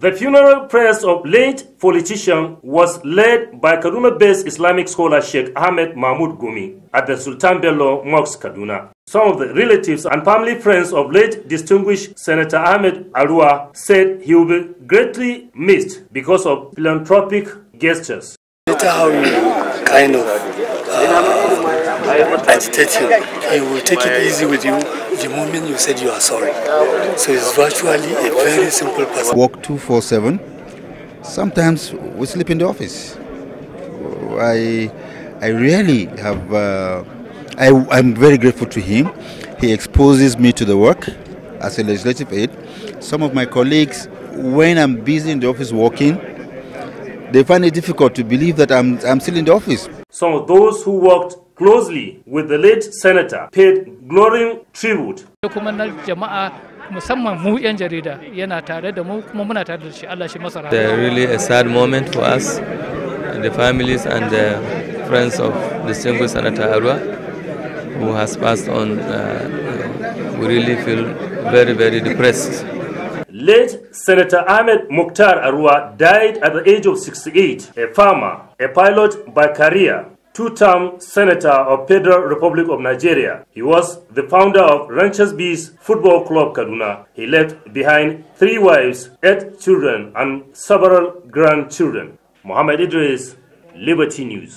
The funeral prayers of late politician was led by Kaduna-based Islamic scholar Sheikh Ahmed Mahmoud Gumi at the Sultan Bello Mosque, Kaduna. Some of the relatives and family friends of late distinguished Senator Ahmed Arua said he will be greatly missed because of philanthropic gestures. Later how you kind of uh, agitated He will take it easy with you the moment you said you are sorry. So he's virtually a very simple person. Work 247. Sometimes we sleep in the office. I, I really have, uh, I, I'm very grateful to him. He exposes me to the work as a legislative aide. Some of my colleagues, when I'm busy in the office working, they find it difficult to believe that I'm, I'm still in the office. Some of those who worked closely with the late senator paid glowing tribute. kuma na jama'a musamman mu 'yan jarida yana tare da mu kuma muna tare da shi Allah shi masara. They really a sad moment for us, the families and the friends of the single Senator Arua who has passed on. Uh, we really feel very, very depressed. Late Senator Ahmed Mukhtar Arua died at the age of 68, a farmer, a pilot by career, two-term senator of Federal Republic of Nigeria. He was the founder of Ranchers Bees Football Club Kaduna. He left behind three wives, eight children, and several grandchildren. Muhammad Idris, Liberty News.